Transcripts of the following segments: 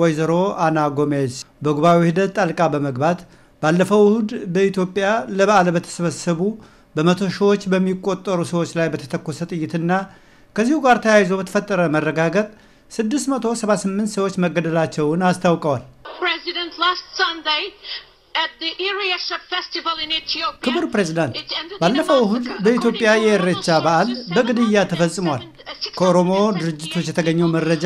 ወይዘሮ አና ጎሜዝ በጉባኤው ሂደት ጣልቃ በመግባት ባለፈው እሁድ በኢትዮጵያ ለበዓል በተሰበሰቡ በመቶ ሺዎች በሚቆጠሩ ሰዎች ላይ በተተኮሰ ጥይትና ከዚሁ ጋር ተያይዞ በተፈጠረ መረጋገጥ 678 ሰዎች መገደላቸውን አስታውቀዋል። ክቡር ፕሬዚዳንት፣ ባለፈው እሁድ በኢትዮጵያ የእሬቻ በዓል በግድያ ተፈጽሟል። ከኦሮሞ ድርጅቶች የተገኘው መረጃ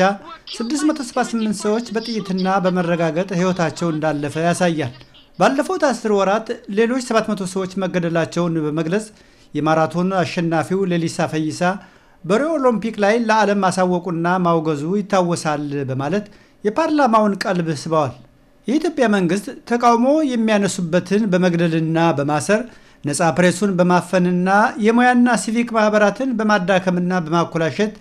678 ሰዎች በጥይትና በመረጋገጥ ሕይወታቸው እንዳለፈ ያሳያል። ባለፉት አስር ወራት ሌሎች 700 ሰዎች መገደላቸውን በመግለጽ የማራቶን አሸናፊው ሌሊሳ ፈይሳ በሪዮ ኦሎምፒክ ላይ ለዓለም ማሳወቁና ማውገዙ ይታወሳል በማለት የፓርላማውን ቀልብ ስበዋል። የኢትዮጵያ መንግስት ተቃውሞ የሚያነሱበትን በመግደልና በማሰር ነፃ ፕሬሱን በማፈንና የሙያና ሲቪክ ማህበራትን በማዳከምና በማኮላሸት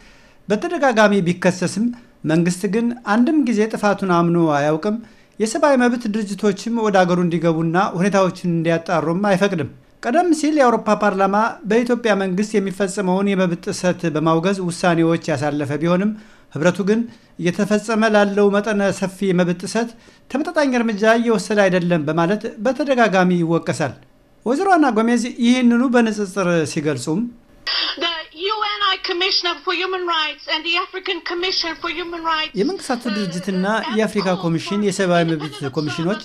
በተደጋጋሚ ቢከሰስም መንግስት ግን አንድም ጊዜ ጥፋቱን አምኖ አያውቅም። የሰብአዊ መብት ድርጅቶችም ወደ አገሩ እንዲገቡና ሁኔታዎችን እንዲያጣሩም አይፈቅድም። ቀደም ሲል የአውሮፓ ፓርላማ በኢትዮጵያ መንግስት የሚፈጸመውን የመብት ጥሰት በማውገዝ ውሳኔዎች ያሳለፈ ቢሆንም ህብረቱ ግን እየተፈጸመ ላለው መጠነ ሰፊ የመብት ጥሰት ተመጣጣኝ እርምጃ እየወሰደ አይደለም በማለት በተደጋጋሚ ይወቀሳል። ወይዘሮ ዋና ጎሜዝ ይህንኑ በንጽጽር ሲገልጹም የመንግስታቱ ድርጅትና የአፍሪካ ኮሚሽን የሰብአዊ መብት ኮሚሽኖች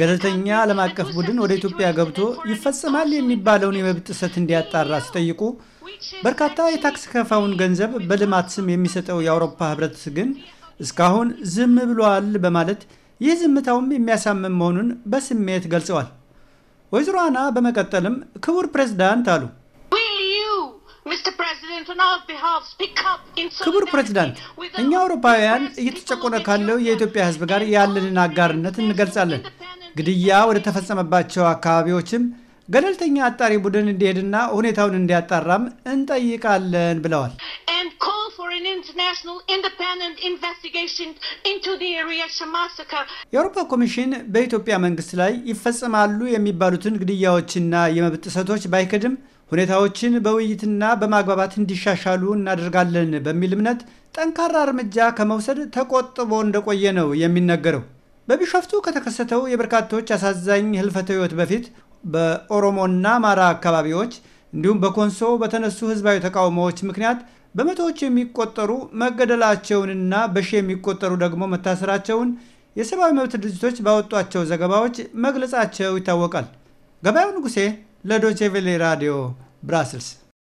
ገለልተኛ ዓለም አቀፍ ቡድን ወደ ኢትዮጵያ ገብቶ ይፈጸማል የሚባለውን የመብት ጥሰት እንዲያጣራ ሲጠይቁ በርካታ የታክስ ከፋውን ገንዘብ በልማት ስም የሚሰጠው የአውሮፓ ህብረት ግን እስካሁን ዝም ብሏል በማለት ይህ ዝምታውም የሚያሳምም መሆኑን በስሜት ገልጸዋል። ወይዘሮ አና በመቀጠልም ክቡር ፕሬዝዳንት አሉ። ክቡር ፕሬዝዳንት፣ እኛ አውሮፓውያን እየተጨቆነ ካለው የኢትዮጵያ ሕዝብ ጋር ያለንን አጋርነት እንገልጻለን። ግድያ ወደ ተፈጸመባቸው አካባቢዎችም ገለልተኛ አጣሪ ቡድን እንዲሄድና ሁኔታውን እንዲያጣራም እንጠይቃለን ብለዋል። international independent investigation into the Ariyasha massacre. የአውሮፓ ኮሚሽን በኢትዮጵያ መንግስት ላይ ይፈጸማሉ የሚባሉትን ግድያዎችና የመብት ጥሰቶች ባይከድም ሁኔታዎችን በውይይትና በማግባባት እንዲሻሻሉ እናደርጋለን በሚል እምነት ጠንካራ እርምጃ ከመውሰድ ተቆጥቦ እንደቆየ ነው የሚነገረው። በቢሾፍቱ ከተከሰተው የበርካቶች አሳዛኝ ህልፈተ ህይወት በፊት በኦሮሞና አማራ አካባቢዎች እንዲሁም በኮንሶ በተነሱ ህዝባዊ ተቃውሞዎች ምክንያት በመቶዎች የሚቆጠሩ መገደላቸውንና በሺ የሚቆጠሩ ደግሞ መታሰራቸውን የሰብአዊ መብት ድርጅቶች ባወጧቸው ዘገባዎች መግለጻቸው ይታወቃል። ገበያው ንጉሴ ለዶቼቬሌ ራዲዮ ብራስልስ